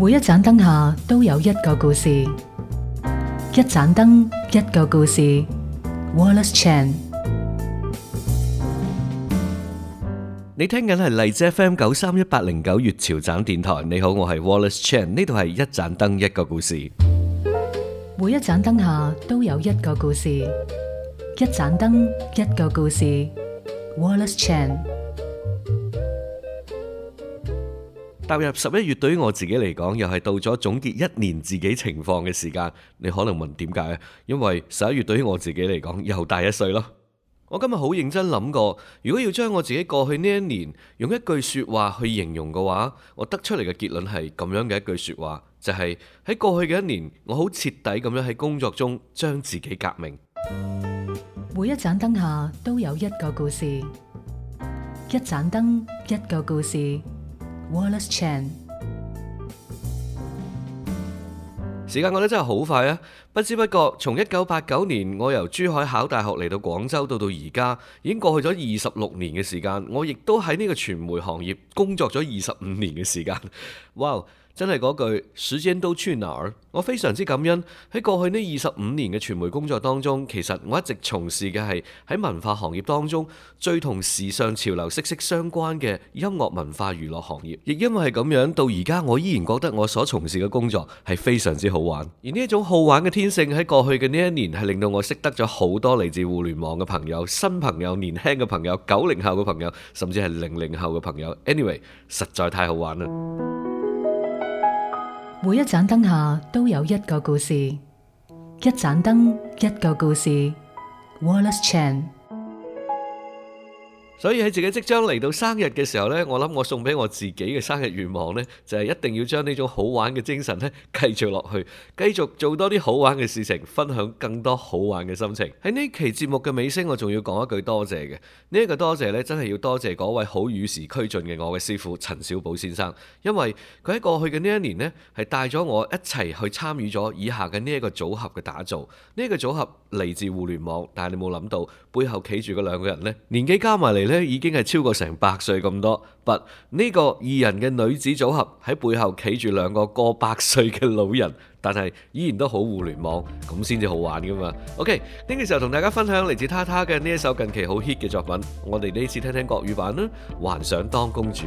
每一盞燈下都有一個故事，一盞燈一個故事。Wallace Chan，你聽緊係荔枝 FM 九三一八零九粵潮盞電台。你好，我係 Wallace Chan，呢度係一盞燈一個故事。每一盞燈下都有一個故事，一盞燈一個故事。Wallace Chan。踏入十一月，對於我自己嚟講，又係到咗總結一年自己情況嘅時間。你可能問點解？因為十一月對於我自己嚟講，又大一歲咯。我今日好認真諗過，如果要將我自己過去呢一年用一句説話去形容嘅話，我得出嚟嘅結論係咁樣嘅一句説話，就係喺過去嘅一年，我好徹底咁樣喺工作中將自己革命。每一盞燈下都有一個故事，一盞燈一個故事。Wallace Chan，時間過得真係好快啊！不知不覺，從一九八九年我由珠海考大學嚟到廣州，到到而家已經過去咗二十六年嘅時間。我亦都喺呢個傳媒行業工作咗二十五年嘅時間。哇！真係嗰句時間都去哪兒？我非常之感恩，喺過去呢二十五年嘅傳媒工作當中，其實我一直從事嘅係喺文化行業當中最同時尚潮流息息相關嘅音樂文化娛樂行業。亦因為係咁樣，到而家我依然覺得我所從事嘅工作係非常之好玩。而呢一種好玩嘅天性喺過去嘅呢一年係令到我識得咗好多嚟自互聯網嘅朋友、新朋友、年輕嘅朋友、九零後嘅朋友，甚至係零零後嘅朋友。Anyway，實在太好玩啦！每一盞燈下都有一個故事，一盞燈，一個故事。Wallace Chan。所以喺自己即將嚟到生日嘅時候咧，我諗我送俾我自己嘅生日願望咧，就係、是、一定要將呢種好玩嘅精神咧繼續落去，繼續做多啲好玩嘅事情，分享更多好玩嘅心情。喺呢期節目嘅尾聲，我仲要講一句多謝嘅。呢、這、一個多謝咧，真係要多謝嗰位好與時俱進嘅我嘅師傅陳小寶先生，因為佢喺過去嘅呢一年咧，係帶咗我一齊去參與咗以下嘅呢一個組合嘅打造。呢、這個組合嚟自互聯網，但係你冇諗到背後企住嗰兩個人咧，年紀加埋嚟咧，已經係超過成百歲咁多，But 呢個二人嘅女子組合喺背後企住兩個過百歲嘅老人，但係依然都好互聯網，咁先至好玩噶嘛。OK，呢個時候同大家分享嚟自她她嘅呢一首近期好 hit 嘅作品，我哋呢次聽聽國語版啦，《還想當公主》。